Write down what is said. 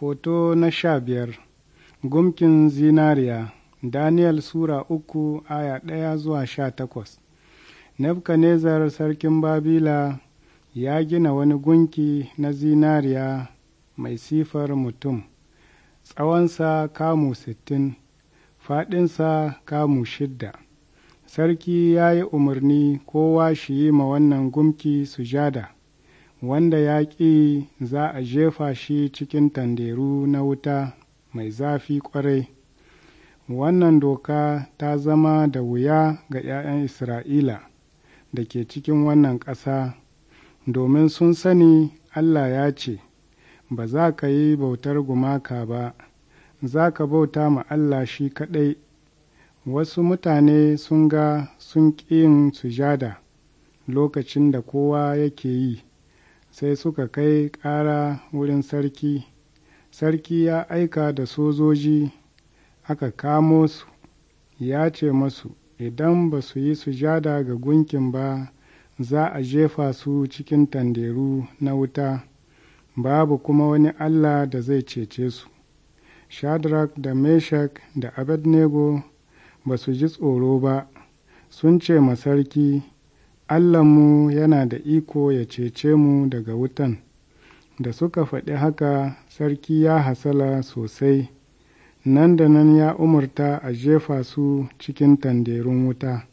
Foto na sha biyar Gumkin zinariya Daniel Sura uku aya ɗaya zuwa sha takwas Nebuchadnezzar sarkin Babila ya gina wani gunki na zinariya mai sifar mutum, tsawonsa kamu sittin, faɗinsa kamu shidda. Sarki ya yi umarni kowa shi yi ma wannan gumki sujada. wanda ya ƙi za a jefa shi cikin tanderu na wuta mai zafi ƙwarai wannan doka ta zama da wuya ga 'ya'yan isra'ila da ke cikin wannan ƙasa domin sun sani allah ya ce ba za ka yi bautar gumaka ba za ka bauta ma allah shi kaɗai wasu mutane sun ga sun ƙi yin sujada lokacin da kowa yake yi sai suka kai ƙara wurin sarki sarki ya aika da sojoji aka kamo su ya ce masu idan ba su yi sujada ga gunkin ba za a jefa su cikin tanderu na wuta babu kuma wani allah da zai cece su shadrach da meshach da abednego ba su ji tsoro ba sun ce ma sarki Allahnmu yana da iko ya cece mu daga wutan. Da suka faɗi haka, sarki ya hasala sosai, nan da nan ya umarta a jefa su cikin tanderun wuta.